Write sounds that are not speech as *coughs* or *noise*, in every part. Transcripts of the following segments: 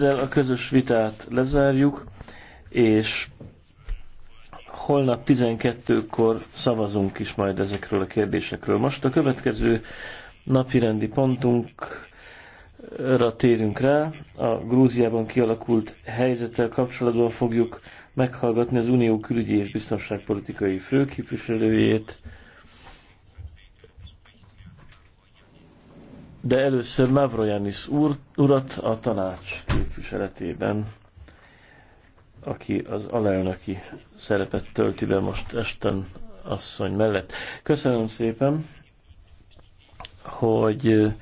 Ezzel a közös vitát lezárjuk, és holnap 12-kor szavazunk is majd ezekről a kérdésekről. Most a következő napirendi pontunkra térünk rá. A Grúziában kialakult helyzettel kapcsolatban fogjuk meghallgatni az Unió külügyi és biztonságpolitikai főképviselőjét, de először Mavroyanis úr, urat a tanács képviseletében, aki az alelnöki szerepet tölti be most Esten asszony mellett. Köszönöm szépen, hogy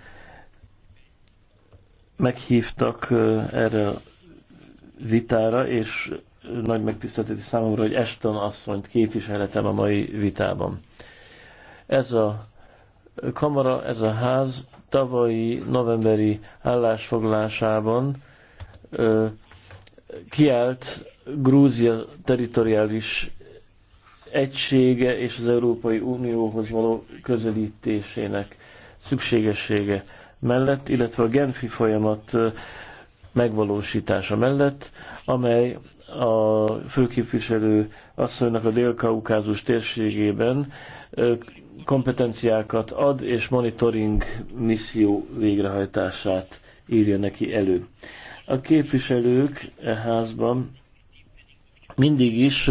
meghívtak erre a vitára, és nagy megtiszteltetés számomra, hogy Eston asszonyt képviselhetem a mai vitában. Ez a kamara, ez a ház tavalyi novemberi állásfoglalásában ö, kiállt Grúzia teritoriális egysége és az Európai Unióhoz való közelítésének szükségessége mellett, illetve a Genfi folyamat megvalósítása mellett, amely a főképviselő asszonynak a Dél-Kaukázus térségében kompetenciákat ad, és monitoring misszió végrehajtását írja neki elő. A képviselők e házban mindig is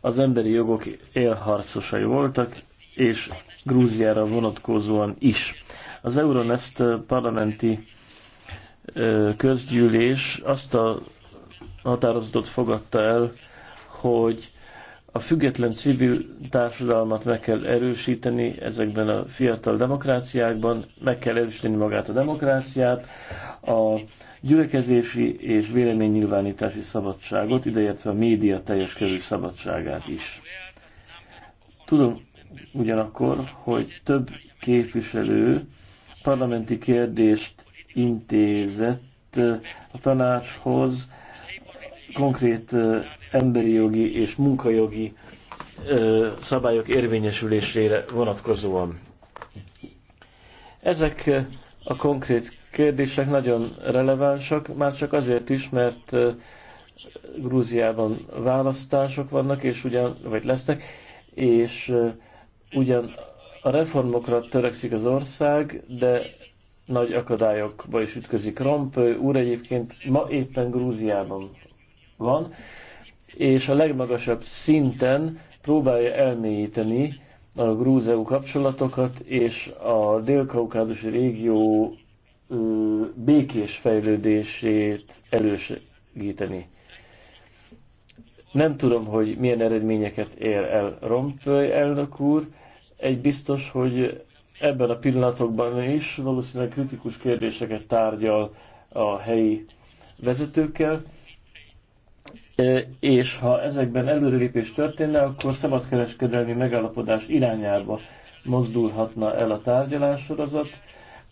az emberi jogok élharcosai voltak, és Grúziára vonatkozóan is. Az Euronest parlamenti közgyűlés azt a határozatot fogadta el, hogy a független civil társadalmat meg kell erősíteni ezekben a fiatal demokráciákban, meg kell erősíteni magát a demokráciát, a gyülekezési és véleménynyilvánítási szabadságot, ideértve a média teljes körű szabadságát is. Tudom ugyanakkor, hogy több képviselő parlamenti kérdést intézett a tanácshoz, konkrét emberi jogi és munkajogi szabályok érvényesülésére vonatkozóan. Ezek a konkrét kérdések nagyon relevánsak, már csak azért is, mert Grúziában választások vannak, és ugyan, vagy lesznek, és ugyan a reformokra törekszik az ország, de nagy akadályokba is ütközik. Romp úr egyébként ma éppen Grúziában van, és a legmagasabb szinten próbálja elmélyíteni a grúz kapcsolatokat és a dél régió békés fejlődését elősegíteni. Nem tudom, hogy milyen eredményeket ér el Rompöly elnök úr. Egy biztos, hogy ebben a pillanatokban is valószínűleg kritikus kérdéseket tárgyal a helyi vezetőkkel, E, és ha ezekben előrelépés történne, akkor szabadkereskedelmi megállapodás irányába mozdulhatna el a tárgyalássorozat,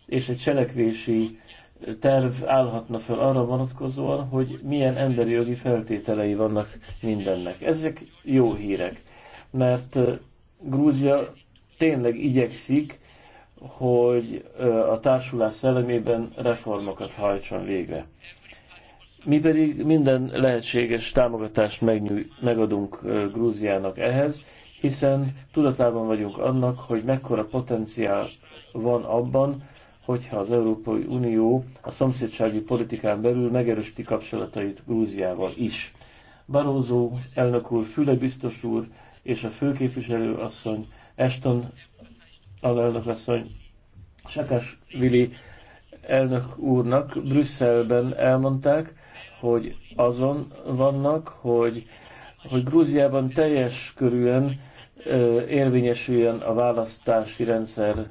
és egy cselekvési terv állhatna fel arra vonatkozóan, hogy milyen emberi jogi feltételei vannak mindennek. Ezek jó hírek, mert e, Grúzia tényleg igyekszik, hogy e, a társulás szellemében reformokat hajtson végre. Mi pedig minden lehetséges támogatást megnyúj, megadunk Grúziának ehhez, hiszen tudatában vagyunk annak, hogy mekkora potenciál van abban, hogyha az Európai Unió a szomszédsági politikán belül megerősíti kapcsolatait Grúziával is. Barózó elnök úr, Füle biztos úr és a főképviselő asszony, Eston alelnök asszony, Sakás Vili elnök úrnak Brüsszelben elmondták, hogy azon vannak, hogy, hogy Grúziában teljes körűen érvényesüljön a választási rendszer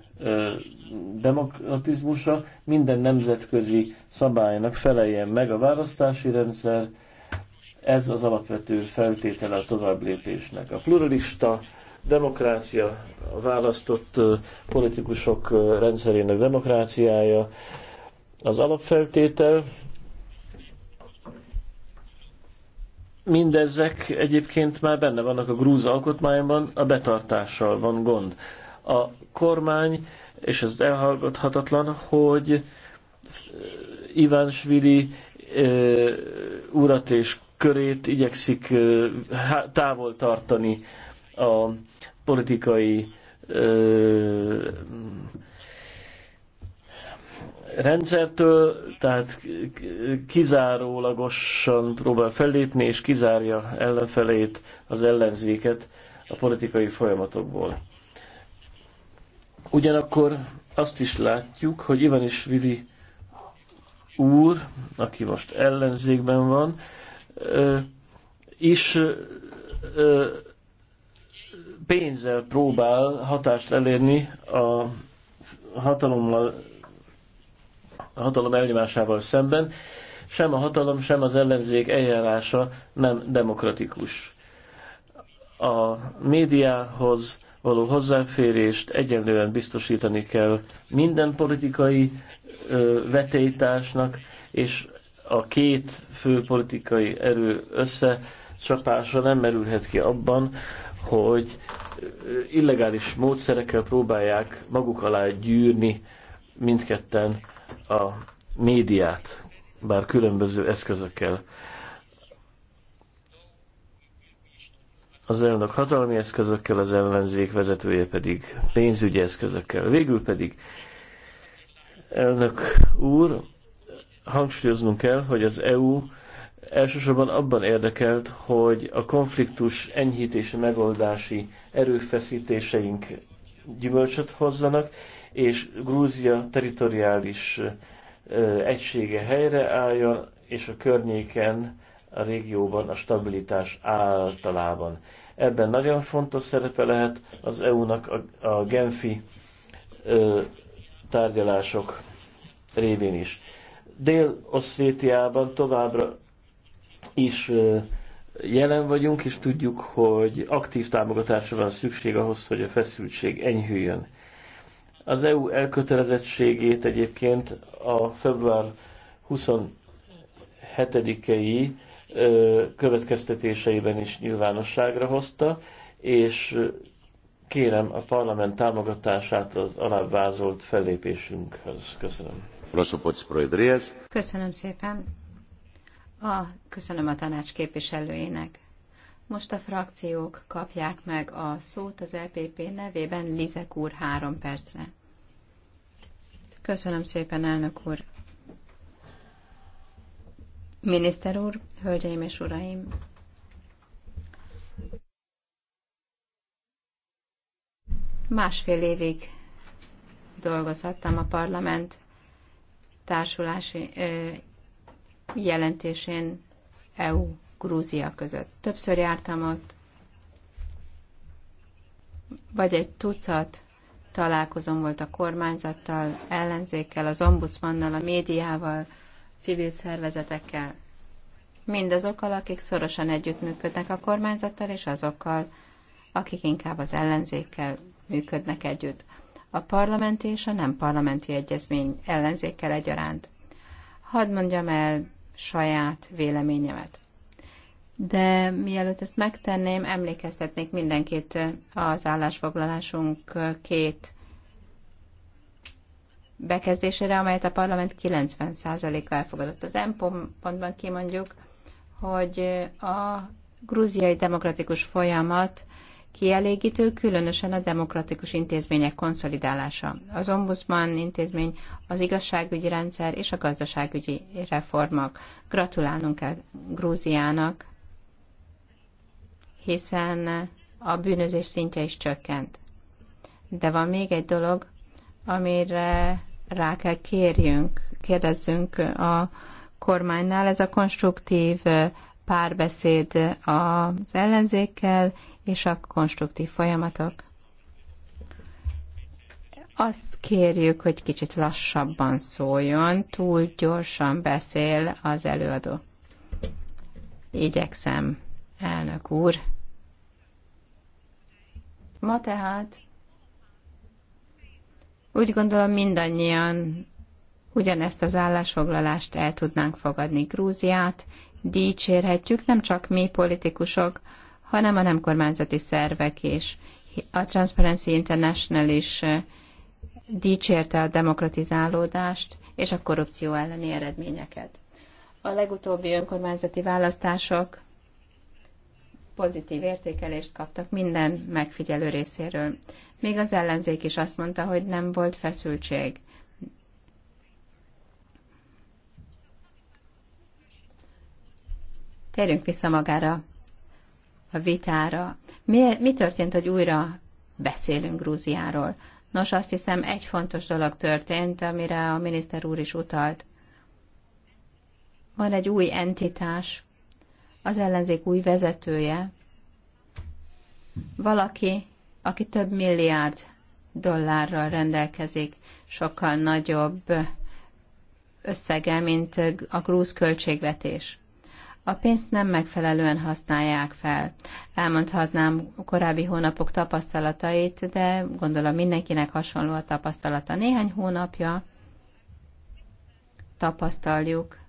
demokratizmusa, minden nemzetközi szabálynak feleljen meg a választási rendszer, ez az alapvető feltétele a tovább lépésnek. A pluralista demokrácia, a választott politikusok rendszerének demokráciája az alapfeltétel, mindezek egyébként már benne vannak a grúz alkotmányban, a betartással van gond. A kormány, és ez elhallgathatatlan, hogy Iván Svili urat és körét igyekszik távol tartani a politikai rendszertől, tehát kizárólagosan próbál fellépni, és kizárja ellenfelét, az ellenzéket a politikai folyamatokból. Ugyanakkor azt is látjuk, hogy Ivan is Vili úr, aki most ellenzékben van, is pénzzel próbál hatást elérni a hatalommal a hatalom elnyomásával szemben, sem a hatalom, sem az ellenzék eljárása nem demokratikus. A médiához való hozzáférést egyenlően biztosítani kell minden politikai ö, vetélytársnak, és a két fő politikai erő összecsapása nem merülhet ki abban, hogy illegális módszerekkel próbálják maguk alá gyűrni mindketten a médiát, bár különböző eszközökkel. Az elnök hatalmi eszközökkel, az ellenzék vezetője pedig pénzügyi eszközökkel. Végül pedig, elnök úr, hangsúlyoznunk kell, hogy az EU elsősorban abban érdekelt, hogy a konfliktus enyhítési megoldási erőfeszítéseink gyümölcsöt hozzanak, és Grúzia teritoriális egysége helyreálljon, és a környéken, a régióban a stabilitás általában. Ebben nagyon fontos szerepe lehet az EU-nak a, a Genfi ö, tárgyalások révén is. Dél-Osszétiában továbbra is ö, jelen vagyunk, és tudjuk, hogy aktív támogatásra van szükség ahhoz, hogy a feszültség enyhüljön. Az EU elkötelezettségét egyébként a február 27-i következtetéseiben is nyilvánosságra hozta, és kérem a parlament támogatását az alább vázolt fellépésünkhöz. Köszönöm. Köszönöm szépen. A, köszönöm a tanács képviselőjének. Most a frakciók kapják meg a szót az EPP nevében Lizek úr három percre. Köszönöm szépen, elnök úr. Miniszter úr, hölgyeim és uraim! Másfél évig dolgozhattam a parlament társulási ö, jelentésén EU Grúzia között. Többször jártam ott, vagy egy tucat találkozom volt a kormányzattal, ellenzékkel, az ombudsmannal, a médiával, civil szervezetekkel. Mindazokkal, akik szorosan együttműködnek a kormányzattal, és azokkal, akik inkább az ellenzékkel működnek együtt. A parlamenti és a nem parlamenti egyezmény ellenzékkel egyaránt. Hadd mondjam el saját véleményemet de mielőtt ezt megtenném, emlékeztetnék mindenkit az állásfoglalásunk két bekezdésére, amelyet a parlament 90%-a elfogadott. Az M pontban kimondjuk, hogy a grúziai demokratikus folyamat kielégítő, különösen a demokratikus intézmények konszolidálása. Az ombudsman intézmény, az igazságügyi rendszer és a gazdaságügyi reformok. Gratulálunk el Grúziának hiszen a bűnözés szintje is csökkent. De van még egy dolog, amire rá kell kérjünk, kérdezzünk a kormánynál, ez a konstruktív párbeszéd az ellenzékkel és a konstruktív folyamatok. Azt kérjük, hogy kicsit lassabban szóljon, túl gyorsan beszél az előadó. Igyekszem. Elnök úr, ma tehát úgy gondolom mindannyian ugyanezt az állásfoglalást el tudnánk fogadni Grúziát, dicsérhetjük nem csak mi politikusok, hanem a nem kormányzati szervek is. A Transparency International is eh, dicsérte a demokratizálódást és a korrupció elleni eredményeket. A legutóbbi önkormányzati választások pozitív értékelést kaptak minden megfigyelő részéről. Még az ellenzék is azt mondta, hogy nem volt feszültség. Térjünk vissza magára a vitára. Mi, mi történt, hogy újra beszélünk Grúziáról? Nos, azt hiszem, egy fontos dolog történt, amire a miniszter úr is utalt. Van egy új entitás, az ellenzék új vezetője, valaki, aki több milliárd dollárral rendelkezik, sokkal nagyobb összege, mint a grúz költségvetés. A pénzt nem megfelelően használják fel. Elmondhatnám korábbi hónapok tapasztalatait, de gondolom mindenkinek hasonló a tapasztalata. Néhány hónapja tapasztaljuk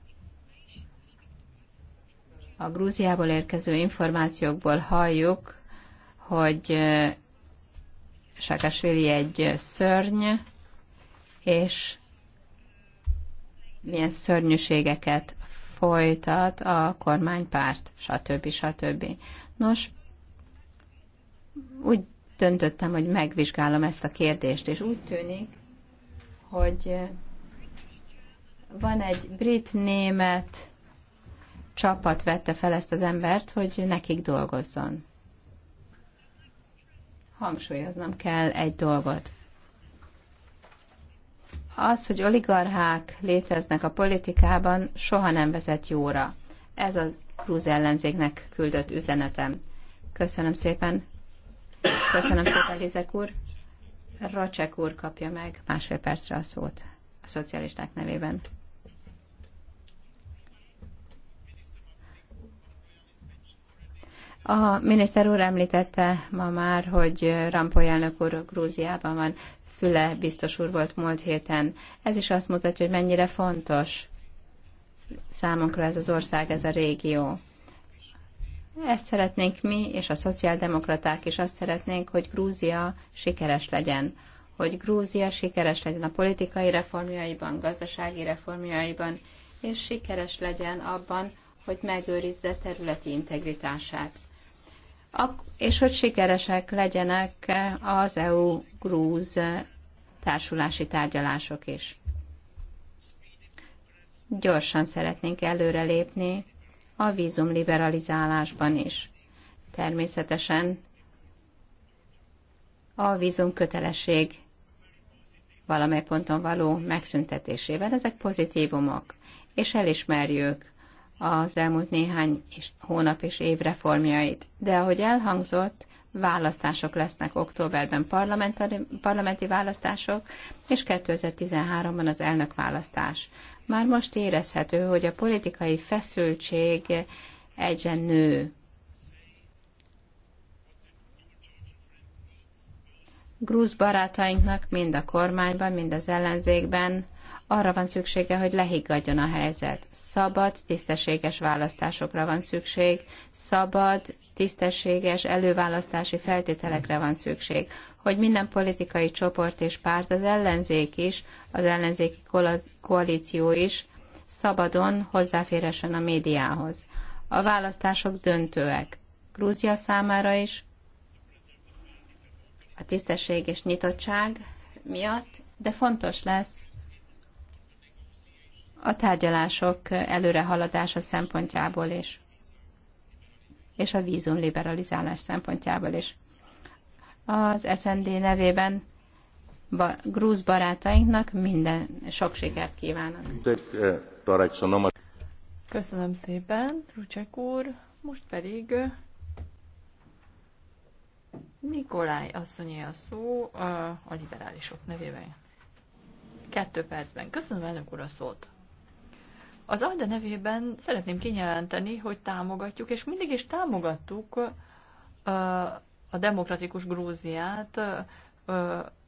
a Grúziából érkező információkból halljuk, hogy Sákásvili egy szörny, és milyen szörnyűségeket folytat a kormánypárt, stb. stb. Nos, úgy döntöttem, hogy megvizsgálom ezt a kérdést, és úgy tűnik, hogy van egy brit-német csapat vette fel ezt az embert, hogy nekik dolgozzon. Hangsúlyoznom kell egy dolgot. Az, hogy oligarchák léteznek a politikában, soha nem vezet jóra. Ez a Krúz ellenzéknek küldött üzenetem. Köszönöm szépen. Köszönöm szépen, Lizek úr. Racsek úr kapja meg másfél percre a szót a szocialisták nevében. A miniszter úr említette ma már, hogy Rampoly elnök úr Grúziában van, Füle biztos úr volt múlt héten. Ez is azt mutatja, hogy mennyire fontos számunkra ez az ország, ez a régió. Ezt szeretnénk mi, és a szociáldemokraták is azt szeretnénk, hogy Grúzia sikeres legyen. Hogy Grúzia sikeres legyen a politikai reformjaiban, gazdasági reformjaiban, és sikeres legyen abban, hogy megőrizze területi integritását és hogy sikeresek legyenek az EU-grúz társulási tárgyalások is. Gyorsan szeretnénk előrelépni a vízum liberalizálásban is. Természetesen a vízum kötelesség valamely ponton való megszüntetésével. Ezek pozitívumok, és elismerjük az elmúlt néhány és hónap és év reformjait. De ahogy elhangzott, választások lesznek októberben, parlamenti választások, és 2013-ban az elnökválasztás. Már most érezhető, hogy a politikai feszültség egyen nő. Grúz barátainknak mind a kormányban, mind az ellenzékben arra van szüksége, hogy lehiggadjon a helyzet. Szabad, tisztességes választásokra van szükség, szabad, tisztességes előválasztási feltételekre van szükség, hogy minden politikai csoport és párt, az ellenzék is, az ellenzéki koalíció is szabadon hozzáférhessen a médiához. A választások döntőek. Grúzia számára is, a tisztesség és nyitottság miatt, de fontos lesz a tárgyalások előrehaladása szempontjából is, és a vízum liberalizálás szempontjából is. Az SND nevében ba, grúz barátainknak minden sok sikert kívánok. Köszönöm szépen, Rucsek úr. Most pedig Nikolaj asszonyé a szó a liberálisok nevében. Kettő percben. Köszönöm elnök úr a szót. Az ALDE nevében szeretném kijelenteni, hogy támogatjuk, és mindig is támogattuk a demokratikus Grúziát,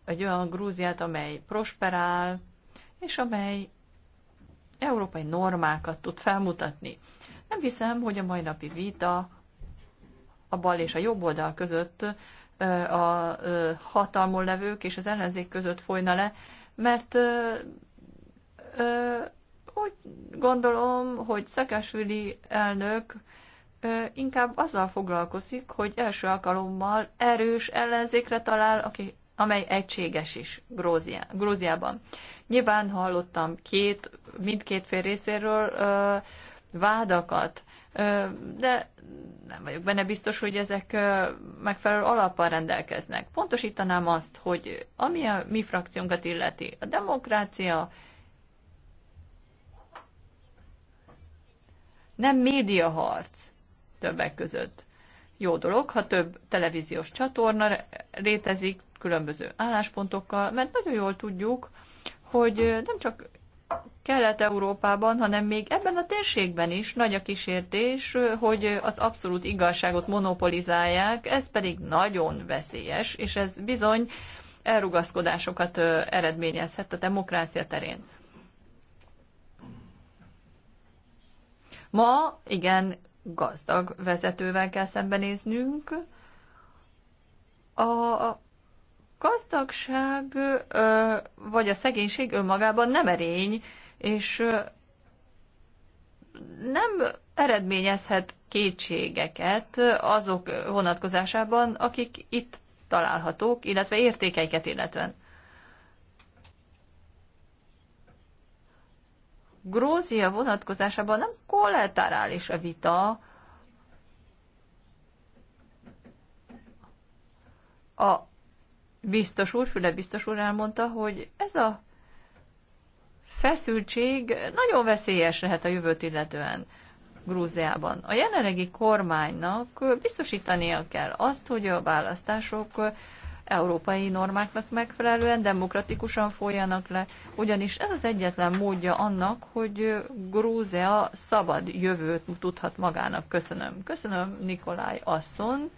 egy olyan Grúziát, amely prosperál, és amely európai normákat tud felmutatni. Nem hiszem, hogy a mai napi vita a bal és a jobb oldal között a hatalmon levők és az ellenzék között folyna le, mert úgy gondolom, hogy Szakásvili elnök inkább azzal foglalkozik, hogy első alkalommal erős ellenzékre talál, aki, amely egységes is Grózia, Gróziában. Nyilván hallottam két, mindkét fél részéről ö, vádakat, ö, de nem vagyok benne biztos, hogy ezek ö, megfelelő alappal rendelkeznek. Pontosítanám azt, hogy ami a mi frakciónkat illeti, a demokrácia nem médiaharc többek között. Jó dolog, ha több televíziós csatorna létezik különböző álláspontokkal, mert nagyon jól tudjuk, hogy nem csak Kelet-Európában, hanem még ebben a térségben is nagy a kísértés, hogy az abszolút igazságot monopolizálják, ez pedig nagyon veszélyes, és ez bizony elrugaszkodásokat eredményezhet a demokrácia terén. Ma igen gazdag vezetővel kell szembenéznünk. A gazdagság vagy a szegénység önmagában nem erény, és nem eredményezhet kétségeket azok vonatkozásában, akik itt találhatók, illetve értékeiket illetően. Grúzia vonatkozásában nem kollaterális a vita, a biztos úr, Füle biztos úr elmondta, hogy ez a feszültség nagyon veszélyes lehet a jövőt illetően Grúziában. A jelenlegi kormánynak biztosítania kell azt, hogy a választások európai normáknak megfelelően demokratikusan folyanak le, ugyanis ez az egyetlen módja annak, hogy Grúzia szabad jövőt tudhat magának. Köszönöm. Köszönöm Nikolaj Asszon,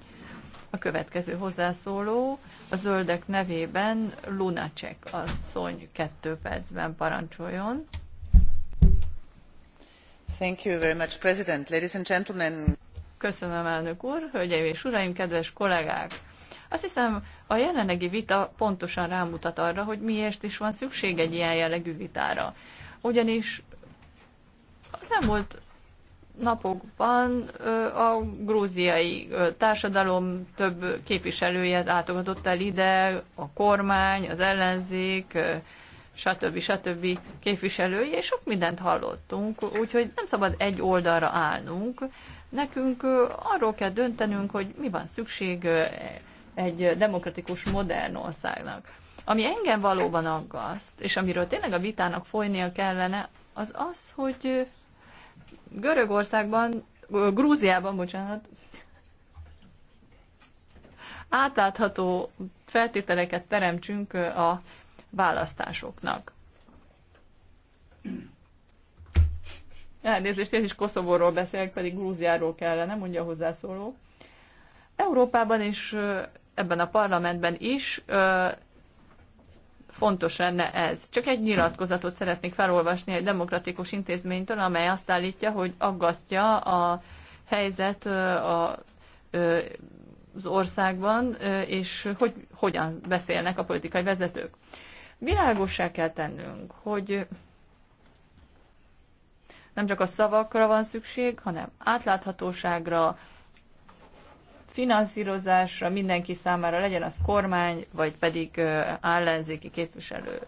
a következő hozzászóló, a zöldek nevében Lunacek asszony kettő percben parancsoljon. Thank you very much, President. Ladies and gentlemen. Köszönöm, elnök úr, hölgyeim és uraim, kedves kollégák! Azt hiszem, a jelenlegi vita pontosan rámutat arra, hogy miért is van szükség egy ilyen jellegű vitára. Ugyanis az elmúlt napokban a grúziai társadalom több képviselője látogatott el ide, a kormány, az ellenzék, stb. stb. képviselői, és sok mindent hallottunk, úgyhogy nem szabad egy oldalra állnunk. Nekünk arról kell döntenünk, hogy mi van szükség egy demokratikus, modern országnak. Ami engem valóban aggaszt, és amiről tényleg a vitának folynia kellene, az az, hogy Görögországban, Grúziában, bocsánat, átlátható feltételeket teremtsünk a választásoknak. Elnézést, én is Koszovóról beszélek, pedig Grúziáról kellene, mondja a hozzászóló. Európában is ebben a parlamentben is fontos lenne ez. Csak egy nyilatkozatot szeretnék felolvasni egy demokratikus intézménytől, amely azt állítja, hogy aggasztja a helyzet a, az országban, és hogy hogyan beszélnek a politikai vezetők. Világossá kell tennünk, hogy nem csak a szavakra van szükség, hanem átláthatóságra, finanszírozásra mindenki számára, legyen az kormány, vagy pedig ellenzéki képviselő.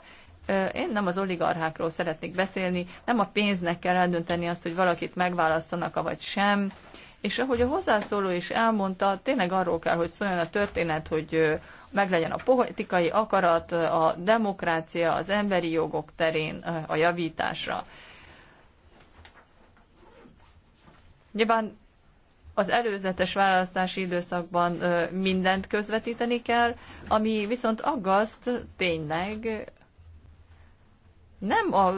Én nem az oligarchákról szeretnék beszélni, nem a pénznek kell eldönteni azt, hogy valakit megválasztanak, vagy sem. És ahogy a hozzászóló is elmondta, tényleg arról kell, hogy szóljon a történet, hogy meglegyen a politikai akarat, a demokrácia, az emberi jogok terén a javításra. Nyilván az előzetes választási időszakban mindent közvetíteni kell, ami viszont aggaszt tényleg nem a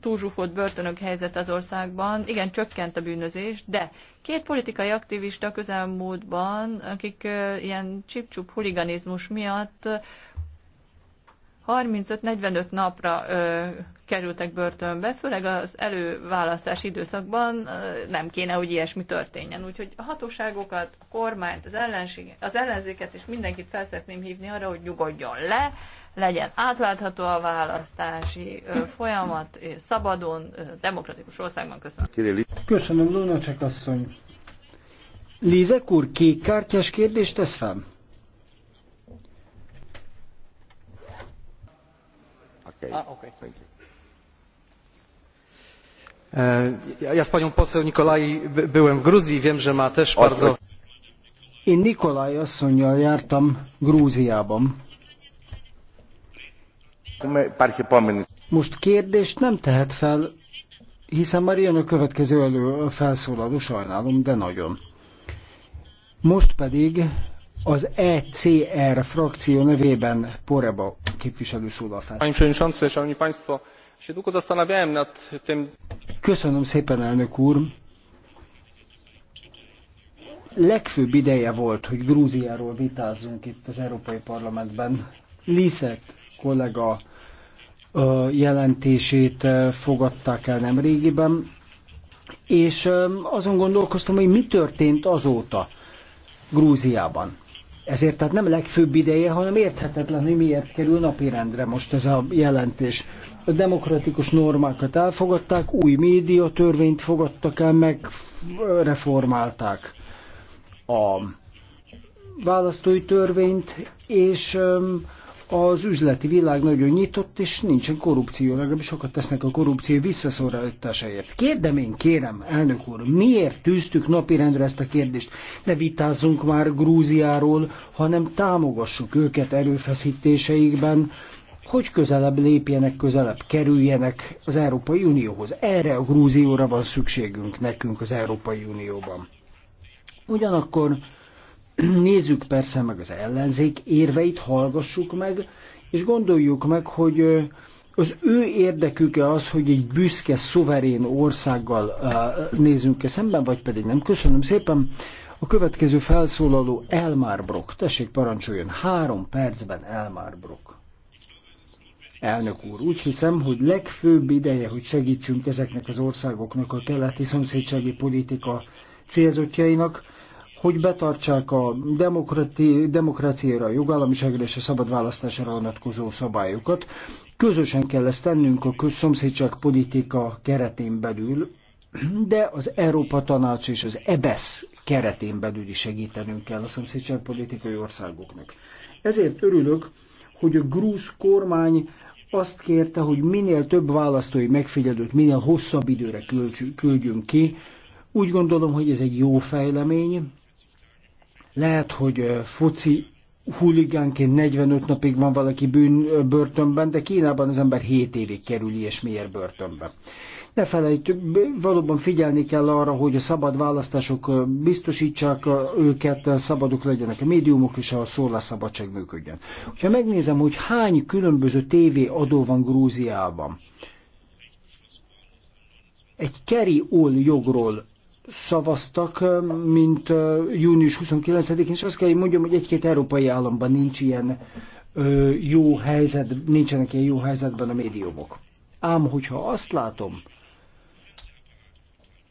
túlzsúfolt börtönök helyzet az országban, igen, csökkent a bűnözés, de két politikai aktivista közelmúltban, akik ilyen csipcsup huliganizmus miatt 35-45 napra ö, kerültek börtönbe, főleg az előválasztási időszakban ö, nem kéne, hogy ilyesmi történjen. Úgyhogy a hatóságokat, a kormányt, az, ellenség, az ellenzéket és mindenkit fel hívni arra, hogy nyugodjon le, legyen átlátható a választási ö, folyamat, szabadon, ö, demokratikus országban. Köszönöm. Köszönöm, Luna csak asszony. Lézek úr, kék kártyás kérdést tesz fel? Ah, e, ja z panią poseł nicolai byłem w gruzji wiem że ma też bardzo. én nicolai asszonnyal jártam grúziában. most kérdést nem tehet fel hiszen már jön a következő elő felszólaló sajnálom de nagyon. most pedig az ECR frakció nevében Poreba képviselő szólal fel. Panie Przewodniczący, Szanowni Państwo, się długo Köszönöm szépen, elnök úr. Legfőbb ideje volt, hogy Grúziáról vitázzunk itt az Európai Parlamentben. Liszek kollega jelentését fogadták el nemrégiben, és azon gondolkoztam, hogy mi történt azóta Grúziában. Ezért tehát nem legfőbb ideje, hanem érthetetlen, hogy miért kerül napirendre most ez a jelentés. A demokratikus normákat elfogadták, új médiatörvényt fogadtak el, meg reformálták a választói törvényt, és az üzleti világ nagyon nyitott, és nincsen korrupció, legalábbis sokat tesznek a korrupció visszaszorításáért. Kérdem én, kérem, elnök úr, miért tűztük napirendre ezt a kérdést? Ne vitázzunk már Grúziáról, hanem támogassuk őket erőfeszítéseikben, hogy közelebb lépjenek, közelebb kerüljenek az Európai Unióhoz. Erre a Grúzióra van szükségünk nekünk az Európai Unióban. Ugyanakkor Nézzük persze meg az ellenzék érveit, hallgassuk meg, és gondoljuk meg, hogy az ő érdeküke az, hogy egy büszke, szuverén országgal nézzünk-e szemben, vagy pedig nem. Köszönöm szépen. A következő felszólaló Elmar Brock. Tessék, parancsoljon. Három percben Elmar Brock. Elnök úr, úgy hiszem, hogy legfőbb ideje, hogy segítsünk ezeknek az országoknak a keleti szomszédsági politika célzottjainak, hogy betartsák a demokrati, demokráciára, a jogállamiságra és a szabad választásra vonatkozó szabályokat. Közösen kell ezt tennünk a közszomszédság politika keretén belül, de az Európa Tanács és az EBESZ keretén belül is segítenünk kell a politikai országoknak. Ezért örülök, hogy a grúz kormány azt kérte, hogy minél több választói megfigyelőt, minél hosszabb időre küldjünk ki. Úgy gondolom, hogy ez egy jó fejlemény, lehet, hogy foci huligánként 45 napig van valaki bűn börtönben, de Kínában az ember 7 évig kerül ilyesmiért börtönbe. Ne felejt, valóban figyelni kell arra, hogy a szabad választások biztosítsák őket, szabadok legyenek a médiumok, és a szólásszabadság működjön. Ha megnézem, hogy hány különböző tévé adó van Grúziában, egy keri jogról szavaztak, mint június 29-én, és azt kell, hogy mondjam, hogy egy-két európai államban nincs ilyen jó helyzet, nincsenek ilyen jó helyzetben a médiumok. Ám hogyha azt látom,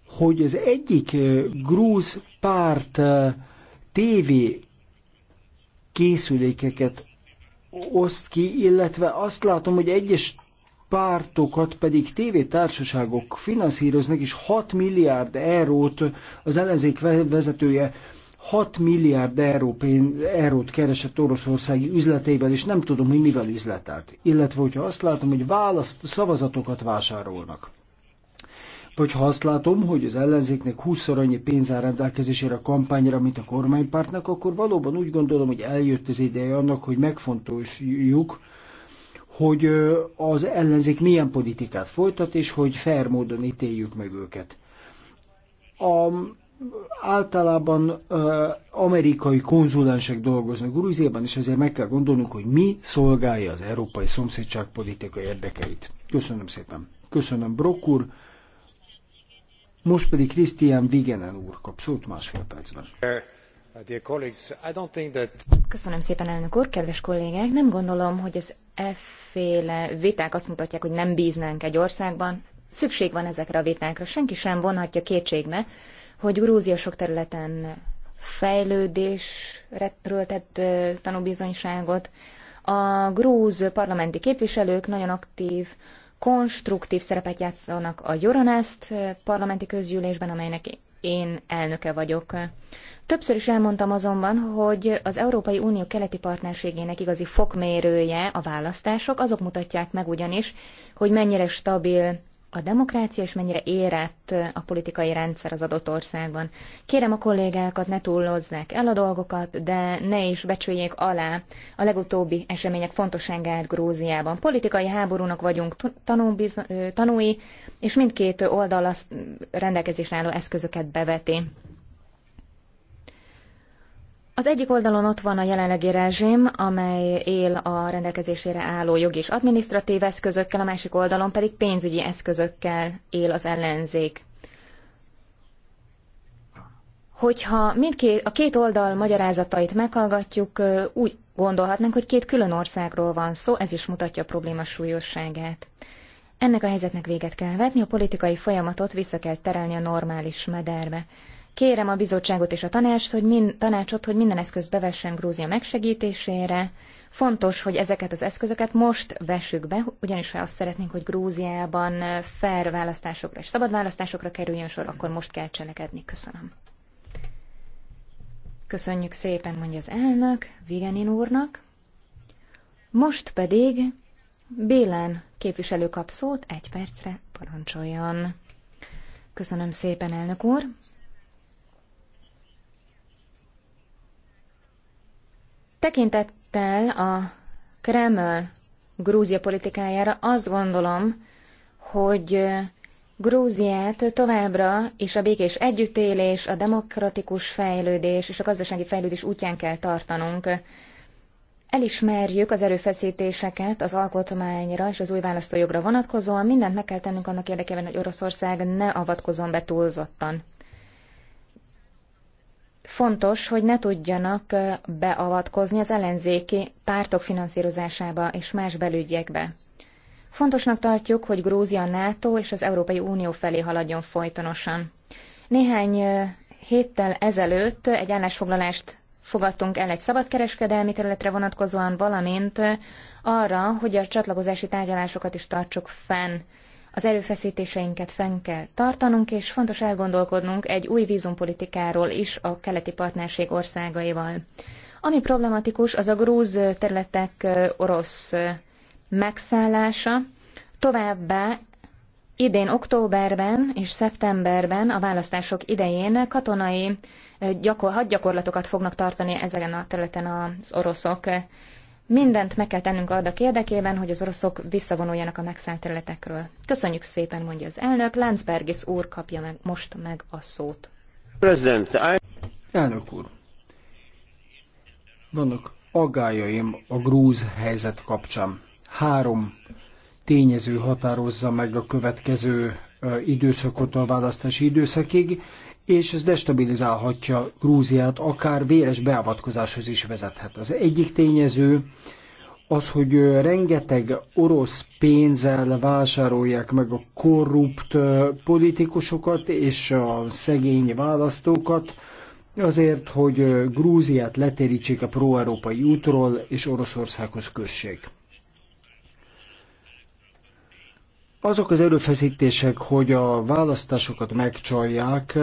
hogy az egyik grúz párt TV készülékeket oszt ki, illetve azt látom, hogy egyes pártokat pedig tévétársaságok finanszíroznak, és 6 milliárd eurót az ellenzék vezetője 6 milliárd euró pén, eurót keresett oroszországi üzletével, és nem tudom, hogy mivel üzletelt. Illetve, hogyha azt látom, hogy választ, szavazatokat vásárolnak. Vagy ha azt látom, hogy az ellenzéknek 20-szor annyi pénz áll rendelkezésére a kampányra, mint a kormánypártnak, akkor valóban úgy gondolom, hogy eljött az ideje annak, hogy megfontoljuk, hogy az ellenzék milyen politikát folytat, és hogy fair módon ítéljük meg őket. A, általában amerikai konzulensek dolgoznak Grúziában, és ezért meg kell gondolnunk, hogy mi szolgálja az európai szomszédság politika érdekeit. Köszönöm szépen. Köszönöm, Brok. úr. Most pedig Krisztián Vigenen úr kap szót másfél percben. Köszönöm szépen, elnök úr, kedves kollégák! Nem gondolom, hogy az efféle viták azt mutatják, hogy nem bíznánk egy országban. Szükség van ezekre a vitákra. Senki sem vonhatja kétségbe, hogy Grúzia sok területen fejlődésről tett tanúbizonyságot. A grúz parlamenti képviselők nagyon aktív, konstruktív szerepet játszanak a Euronest parlamenti közgyűlésben, amelynek én elnöke vagyok. Többször is elmondtam azonban, hogy az Európai Unió keleti partnerségének igazi fokmérője a választások, azok mutatják meg ugyanis, hogy mennyire stabil a demokrácia, és mennyire érett a politikai rendszer az adott országban. Kérem a kollégákat, ne túllozzák el a dolgokat, de ne is becsüljék alá a legutóbbi események fontosságát Grúziában. Politikai háborúnak vagyunk tanúi, és mindkét oldal azt rendelkezésre álló eszközöket beveti. Az egyik oldalon ott van a jelenlegi rezsim, amely él a rendelkezésére álló jogi és adminisztratív eszközökkel, a másik oldalon pedig pénzügyi eszközökkel él az ellenzék. Hogyha mindkét, a két oldal magyarázatait meghallgatjuk, úgy gondolhatnánk, hogy két külön országról van szó, ez is mutatja a probléma súlyosságát. Ennek a helyzetnek véget kell vetni, a politikai folyamatot vissza kell terelni a normális mederbe. Kérem a bizottságot és a tanácsot, hogy, min, tanácsot, hogy minden eszközt bevessen Grúzia megsegítésére. Fontos, hogy ezeket az eszközöket most vessük be, ugyanis ha azt szeretnénk, hogy Grúziában fair választásokra és szabad választásokra kerüljön sor, akkor most kell cselekedni. Köszönöm. Köszönjük szépen, mondja az elnök, Vigenin úrnak. Most pedig Bélán képviselő kap szót, egy percre parancsoljon. Köszönöm szépen, elnök úr. Tekintettel a Kreml Grúzia politikájára azt gondolom, hogy Grúziát továbbra is a békés együttélés, a demokratikus fejlődés és a gazdasági fejlődés útján kell tartanunk. Elismerjük az erőfeszítéseket az alkotmányra és az új választójogra vonatkozóan, mindent meg kell tennünk annak érdekében, hogy Oroszország ne avatkozzon be túlzottan fontos, hogy ne tudjanak beavatkozni az ellenzéki pártok finanszírozásába és más belügyekbe. Fontosnak tartjuk, hogy Grúzia NATO és az Európai Unió felé haladjon folytonosan. Néhány héttel ezelőtt egy állásfoglalást fogadtunk el egy szabadkereskedelmi területre vonatkozóan, valamint arra, hogy a csatlakozási tárgyalásokat is tartsuk fenn. Az erőfeszítéseinket fenn kell tartanunk, és fontos elgondolkodnunk egy új vízumpolitikáról is a keleti partnerség országaival. Ami problematikus, az a grúz területek orosz megszállása, továbbá idén októberben és szeptemberben a választások idején katonai gyakor, hadgyakorlatokat fognak tartani ezeken a területen az oroszok. Mindent meg kell tennünk annak érdekében, hogy az oroszok visszavonuljanak a megszállt területekről. Köszönjük szépen, mondja az elnök. Láncbergis úr kapja meg most meg a szót. President, I... Elnök úr, vannak aggájaim a grúz helyzet kapcsán. Három tényező határozza meg a következő időszakot a választási időszakig, és ez destabilizálhatja Grúziát, akár véres beavatkozáshoz is vezethet. Az egyik tényező az, hogy rengeteg orosz pénzzel vásárolják meg a korrupt politikusokat és a szegény választókat, azért, hogy Grúziát letérítsék a pro-európai útról és Oroszországhoz kössék. azok az erőfeszítések, hogy a választásokat megcsalják,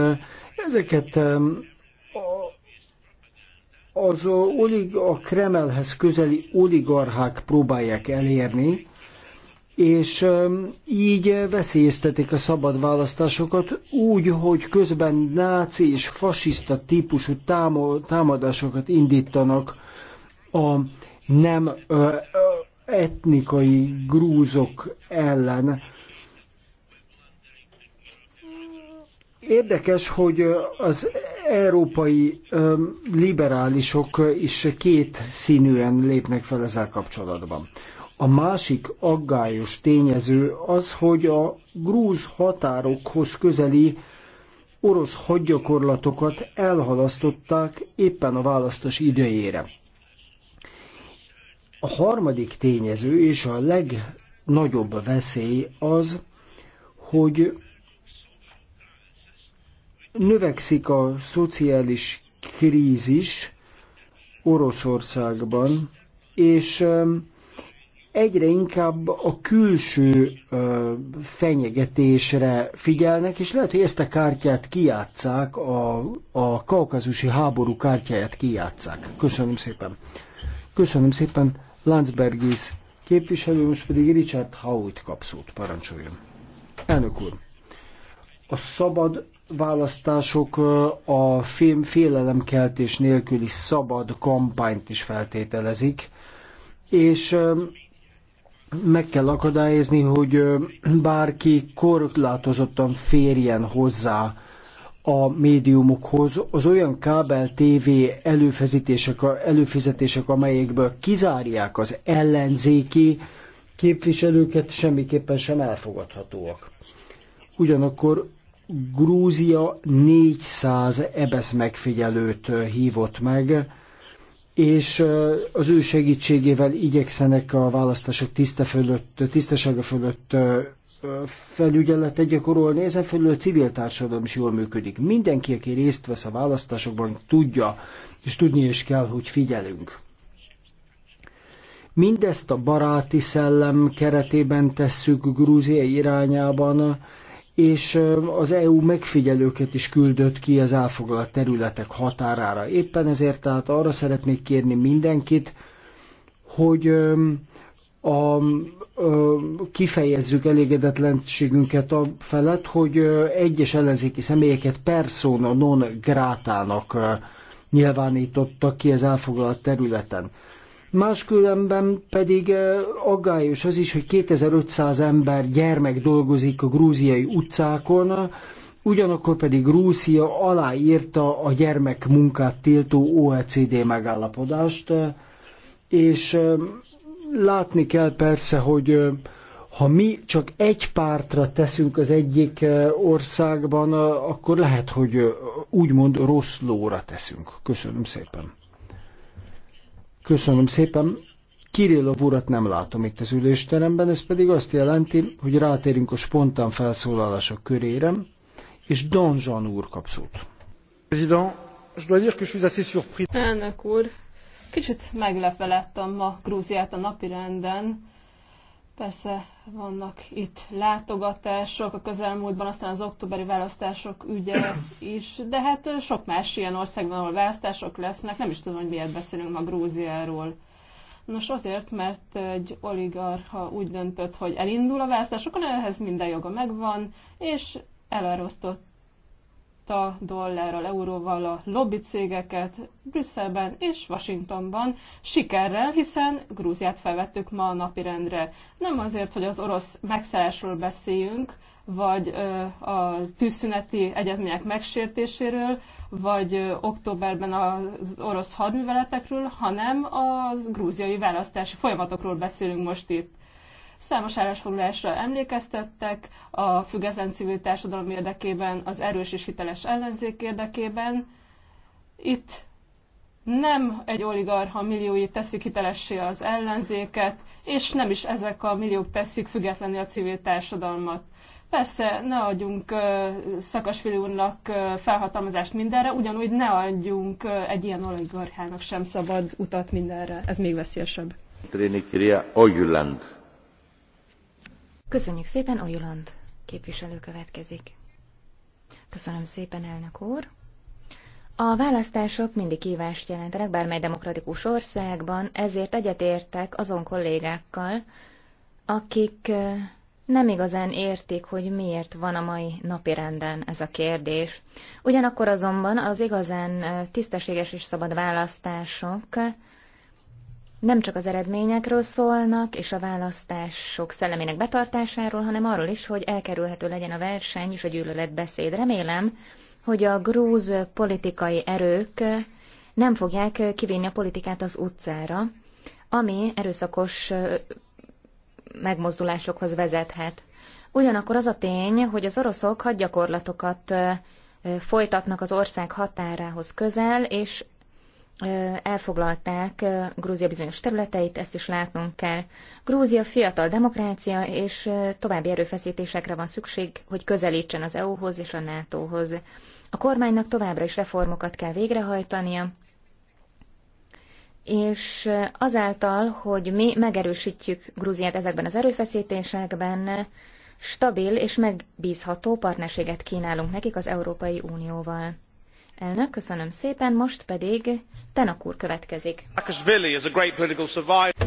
ezeket az olig, a Kremelhez közeli oligarchák próbálják elérni, és így veszélyeztetik a szabad választásokat úgy, hogy közben náci és fasiszta típusú támadásokat indítanak a nem etnikai grúzok ellen. Érdekes, hogy az európai liberálisok is két színűen lépnek fel ezzel kapcsolatban. A másik aggályos tényező az, hogy a grúz határokhoz közeli orosz hadgyakorlatokat elhalasztották éppen a választás idejére. A harmadik tényező és a legnagyobb veszély az, hogy növekszik a szociális krízis Oroszországban, és egyre inkább a külső fenyegetésre figyelnek, és lehet, hogy ezt a kártyát kijátszák, a, a kaukazusi háború kártyáját kijátszák. Köszönöm szépen. Köszönöm szépen. Landsbergis képviselő, most pedig Richard Howitt kapszót parancsoljon. Elnök úr, a szabad választások a film félelemkeltés nélküli szabad kampányt is feltételezik, és meg kell akadályozni, hogy bárki korlátozottan férjen hozzá a médiumokhoz az olyan kábel TV előfizetések, előfizetések, amelyekből kizárják az ellenzéki képviselőket, semmiképpen sem elfogadhatóak. Ugyanakkor Grúzia 400 ebesz megfigyelőt hívott meg, és az ő segítségével igyekszenek a választások tiszta fölött, tisztasága fölött felügyeletet gyakorolni, ezen felül a civil társadalom is jól működik. Mindenki, aki részt vesz a választásokban, tudja, és tudni is kell, hogy figyelünk. Mindezt a baráti szellem keretében tesszük Grúzia irányában, és az EU megfigyelőket is küldött ki az elfoglalt területek határára. Éppen ezért tehát arra szeretnék kérni mindenkit, hogy a, a, kifejezzük elégedetlenségünket a felett, hogy egyes ellenzéki személyeket persona non grátának nyilvánítottak ki az elfoglalt területen. Máskülönben pedig aggályos az is, hogy 2500 ember gyermek dolgozik a grúziai utcákon, ugyanakkor pedig Grúzia aláírta a gyermekmunkát tiltó OECD megállapodást, és Látni kell persze, hogy ha mi csak egy pártra teszünk az egyik országban, akkor lehet, hogy úgymond rossz lóra teszünk. Köszönöm szépen. Köszönöm szépen. Kirillov urat nem látom itt az ülésteremben, ez pedig azt jelenti, hogy rátérünk a spontán felszólalások körére, és Don Jean úr kap szót. Elnök úr, Kicsit meglepve láttam ma Grúziát a napirenden. Persze vannak itt látogatások a közelmúltban, aztán az októberi választások ügye *coughs* is, de hát sok más ilyen országban, ahol választások lesznek, nem is tudom, hogy miért beszélünk ma Grúziáról. Nos, azért, mert egy oligarha úgy döntött, hogy elindul a választásokon, ehhez minden joga megvan, és elárosztott megvádolta dollárral, euróval a lobby cégeket Brüsszelben és Washingtonban sikerrel, hiszen Grúziát felvettük ma a napirendre. Nem azért, hogy az orosz megszállásról beszéljünk, vagy a tűzszüneti egyezmények megsértéséről, vagy októberben az orosz hadműveletekről, hanem az grúziai választási folyamatokról beszélünk most itt. Számos állásfoglalásra emlékeztettek a független civil társadalom érdekében, az erős és hiteles ellenzék érdekében. Itt nem egy oligarha milliói teszik hitelessé az ellenzéket, és nem is ezek a milliók teszik függetlenül a civil társadalmat. Persze, ne adjunk Szakasvili úrnak felhatalmazást mindenre, ugyanúgy ne adjunk egy ilyen oligarchának sem szabad utat mindenre. Ez még veszélyesebb. Tréni Ogyuland Köszönjük szépen, Ojuland képviselő következik. Köszönöm szépen, elnök úr. A választások mindig kívást jelentenek bármely demokratikus országban, ezért egyetértek azon kollégákkal, akik nem igazán értik, hogy miért van a mai napi renden ez a kérdés. Ugyanakkor azonban az igazán tisztességes és szabad választások nem csak az eredményekről szólnak, és a választások szellemének betartásáról, hanem arról is, hogy elkerülhető legyen a verseny és a gyűlöletbeszéd. Remélem, hogy a grúz politikai erők nem fogják kivinni a politikát az utcára, ami erőszakos megmozdulásokhoz vezethet. Ugyanakkor az a tény, hogy az oroszok hadgyakorlatokat folytatnak az ország határához közel, és elfoglalták Grúzia bizonyos területeit, ezt is látnunk kell. Grúzia fiatal demokrácia, és további erőfeszítésekre van szükség, hogy közelítsen az EU-hoz és a NATO-hoz. A kormánynak továbbra is reformokat kell végrehajtania, és azáltal, hogy mi megerősítjük Grúziát ezekben az erőfeszítésekben, stabil és megbízható partnerséget kínálunk nekik az Európai Unióval. Elnök, köszönöm szépen, most pedig Tenak úr következik.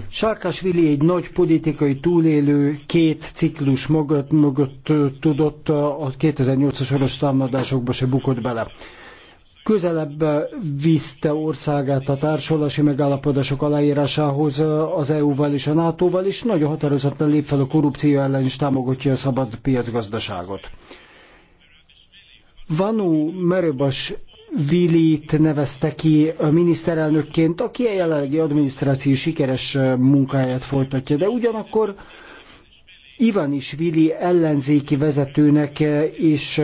Sarkasvili egy nagy politikai túlélő két ciklus mögött, mögött tudott a 2008-as orosz támadásokba se bukott bele. Közelebb viszte országát a társulási megállapodások aláírásához az EU-val és a NATO-val, és nagyon határozottan lép fel a korrupció ellen, és támogatja a szabad piacgazdaságot. Vanu Merebas Vilit nevezte ki miniszterelnökként, aki a jelenlegi adminisztráció sikeres munkáját folytatja, de ugyanakkor Ivan is Vili ellenzéki vezetőnek is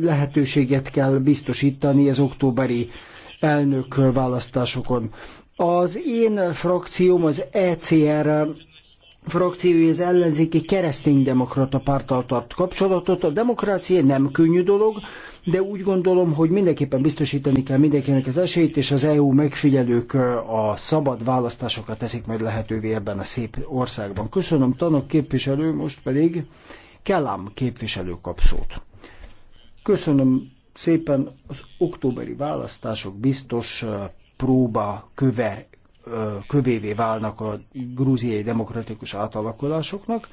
lehetőséget kell biztosítani az októberi elnök választásokon. Az én frakcióm, az ECR frakciója az ellenzéki kereszténydemokrata párttal tart kapcsolatot. A demokrácia nem könnyű dolog, de úgy gondolom, hogy mindenképpen biztosítani kell mindenkinek az esélyt, és az EU megfigyelők a szabad választásokat teszik majd lehetővé ebben a szép országban. Köszönöm, tanok képviselő, most pedig Kellám képviselő kap szót. Köszönöm szépen az októberi választások biztos próba köve, kövévé válnak a grúziai demokratikus átalakulásoknak,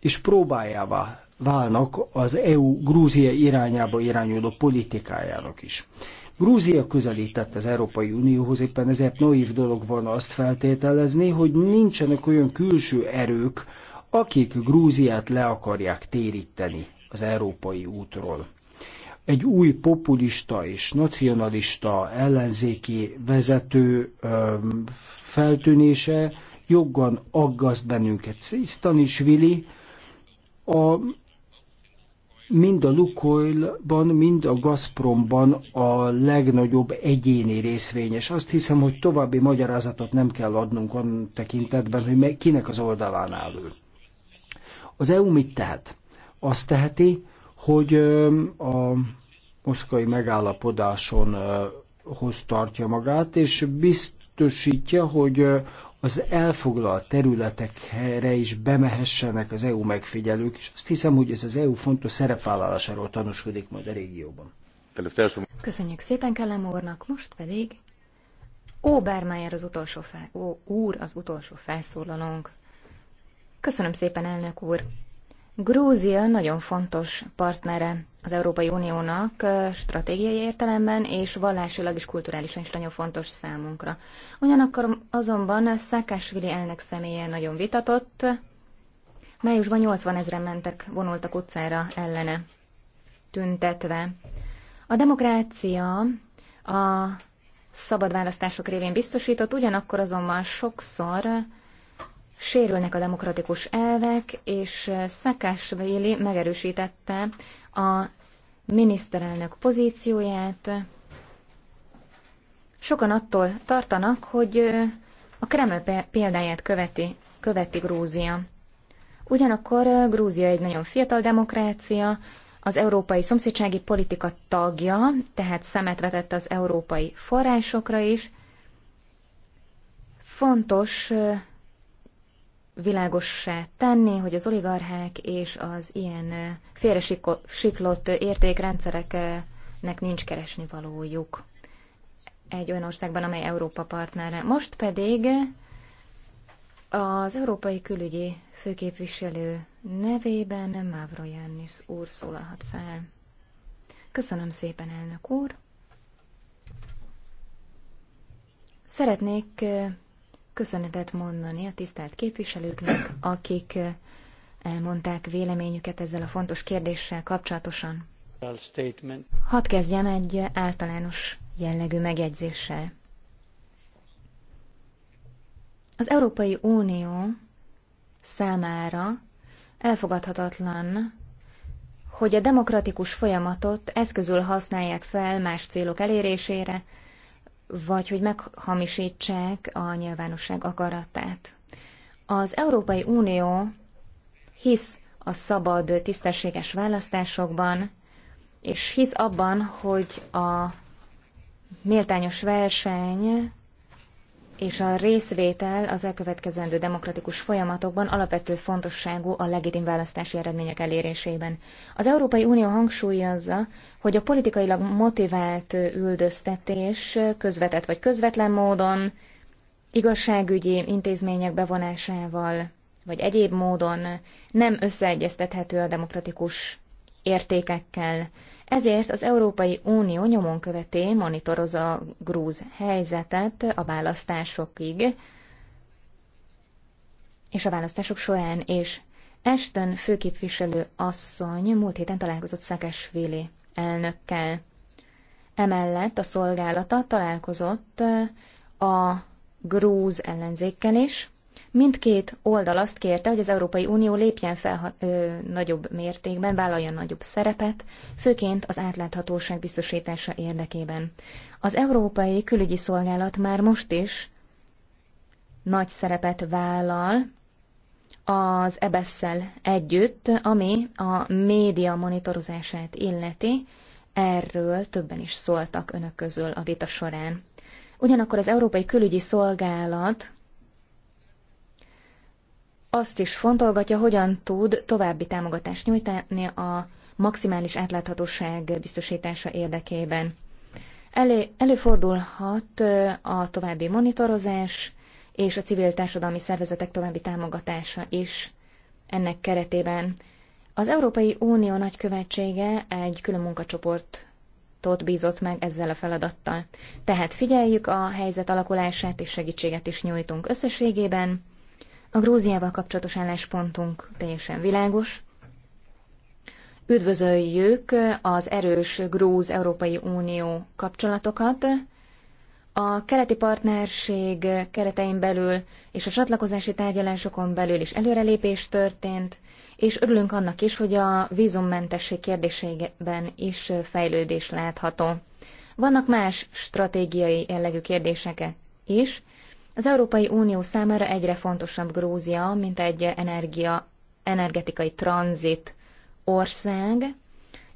és próbájává válnak az EU Grúzia irányába irányuló politikájának is. Grúzia közelített az Európai Unióhoz, éppen ezért naív dolog van azt feltételezni, hogy nincsenek olyan külső erők, akik Grúziát le akarják téríteni az európai útról. Egy új populista és nacionalista ellenzéki vezető feltűnése joggan aggaszt bennünket. Szisztanisvili a mind a Lukoilban, mind a Gazpromban a legnagyobb egyéni részvényes. Azt hiszem, hogy további magyarázatot nem kell adnunk a tekintetben, hogy kinek az oldalán áll ő. Az EU mit tehet? Azt teheti, hogy a moszkvai megállapodáson hoz tartja magát, és biztosítja, hogy az elfoglalt területekre is bemehessenek az EU megfigyelők, és azt hiszem, hogy ez az EU fontos szerepvállalásáról tanúskodik majd a régióban. Köszönjük szépen Kellem úrnak, most pedig Óbermájer az utolsó fel, ó, úr az utolsó felszólalónk. Köszönöm szépen, elnök úr! Grúzia nagyon fontos partnere az Európai Uniónak stratégiai értelemben és vallásilag és kulturálisan is nagyon fontos számunkra. Ugyanakkor azonban Szákásvili elnök személye nagyon vitatott, májusban 80 ezeren mentek, vonultak utcára ellene, tüntetve. A demokrácia a szabad választások révén biztosított, ugyanakkor azonban sokszor sérülnek a demokratikus elvek, és Szakásvéli megerősítette a miniszterelnök pozícióját. Sokan attól tartanak, hogy a Kreml példáját követi, követi Grúzia. Ugyanakkor Grúzia egy nagyon fiatal demokrácia, az európai szomszédsági politika tagja, tehát szemet vetett az európai forrásokra is. Fontos világossá tenni, hogy az oligarchák és az ilyen félresiklott értékrendszereknek nincs keresni valójuk egy olyan országban, amely Európa partnere. Most pedig az Európai Külügyi Főképviselő nevében Mávro Jannis úr szólalhat fel. Köszönöm szépen, elnök úr! Szeretnék köszönetet mondani a tisztelt képviselőknek, akik elmondták véleményüket ezzel a fontos kérdéssel kapcsolatosan. Hadd kezdjem egy általános jellegű megjegyzéssel. Az Európai Unió számára elfogadhatatlan, hogy a demokratikus folyamatot eszközül használják fel más célok elérésére, vagy hogy meghamisítsák a nyilvánosság akaratát. Az Európai Unió hisz a szabad, tisztességes választásokban, és hisz abban, hogy a méltányos verseny és a részvétel az elkövetkezendő demokratikus folyamatokban alapvető fontosságú a legitim választási eredmények elérésében. Az Európai Unió hangsúlyozza, hogy a politikailag motivált üldöztetés közvetett vagy közvetlen módon, igazságügyi intézmények bevonásával vagy egyéb módon nem összeegyeztethető a demokratikus értékekkel. Ezért az Európai Unió nyomon követé, monitorozza a grúz helyzetet a választásokig, és a választások során is. Esten főképviselő asszony múlt héten találkozott Szekesvili elnökkel. Emellett a szolgálata találkozott a grúz ellenzékkel is, Mindkét oldal azt kérte, hogy az Európai Unió lépjen fel ö, nagyobb mértékben, vállaljon nagyobb szerepet, főként az átláthatóság biztosítása érdekében. Az Európai Külügyi Szolgálat már most is nagy szerepet vállal az EBESZ-szel együtt, ami a média monitorozását illeti, erről többen is szóltak önök közül a vita során. Ugyanakkor az Európai Külügyi Szolgálat azt is fontolgatja, hogyan tud további támogatást nyújtani a maximális átláthatóság biztosítása érdekében. Elé, előfordulhat a további monitorozás és a civil társadalmi szervezetek további támogatása is ennek keretében. Az Európai Unió nagykövetsége egy külön munkacsoportot bízott meg ezzel a feladattal. Tehát figyeljük a helyzet alakulását és segítséget is nyújtunk összességében. A Grúziával kapcsolatos álláspontunk teljesen világos. Üdvözöljük az erős Grúz-Európai Unió kapcsolatokat. A keleti partnerség keretein belül és a csatlakozási tárgyalásokon belül is előrelépés történt, és örülünk annak is, hogy a vízummentesség kérdésében is fejlődés látható. Vannak más stratégiai jellegű kérdések is, az Európai Unió számára egyre fontosabb Grúzia, mint egy energia, energetikai tranzit ország,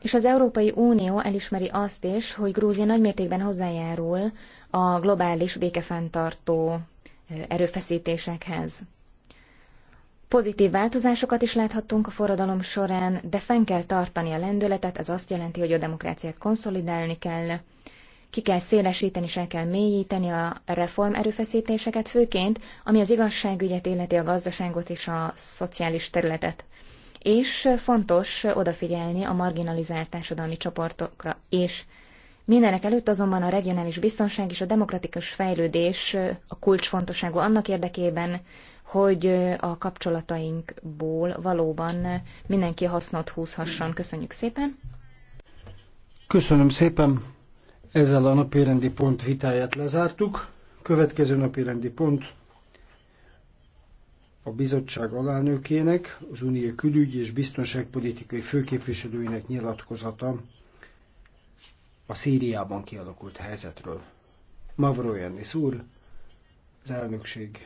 és az Európai Unió elismeri azt is, hogy Grúzia nagymértékben hozzájárul a globális békefenntartó erőfeszítésekhez. Pozitív változásokat is láthattunk a forradalom során, de fenn kell tartani a lendületet, ez azt jelenti, hogy a demokráciát konszolidálni kell, ki kell szélesíteni, és kell mélyíteni a reform erőfeszítéseket, főként, ami az igazságügyet illeti a gazdaságot és a szociális területet. És fontos odafigyelni a marginalizált társadalmi csoportokra is. Mindenek előtt azonban a regionális biztonság és a demokratikus fejlődés a kulcsfontosságú annak érdekében, hogy a kapcsolatainkból valóban mindenki hasznot húzhasson. Köszönjük szépen! Köszönöm szépen! Ezzel a napirendi pont vitáját lezártuk. Következő napirendi pont a bizottság alelnökének, az Unió külügyi és biztonságpolitikai főképviselőinek nyilatkozata a Szíriában kialakult helyzetről. Jannis úr, az elnökség